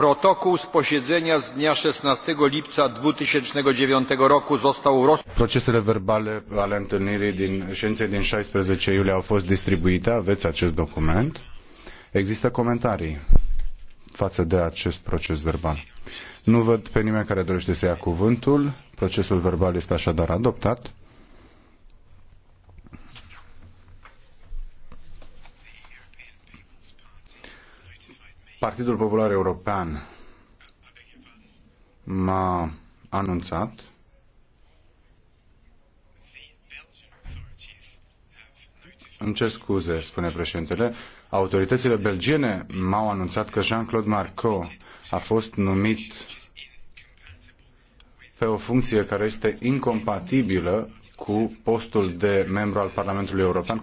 Protokół z posiedzenia z dnia 16 lipca 2009 roku został roz... Procesele verbale ale întâlnirii din ședinței din 16 iulie au fost distribuite. Aveți acest document. Există comentarii față de acest proces verbal. Nu văd pe nimeni care dorește să ia cuvântul. Procesul verbal este așadar adoptat. Partidul Popular European m-a anunțat Îmi cer scuze, spune președintele. Autoritățile belgiene m-au anunțat că Jean-Claude Marco a fost numit pe o funcție care este incompatibilă cu postul de membru al Parlamentului European,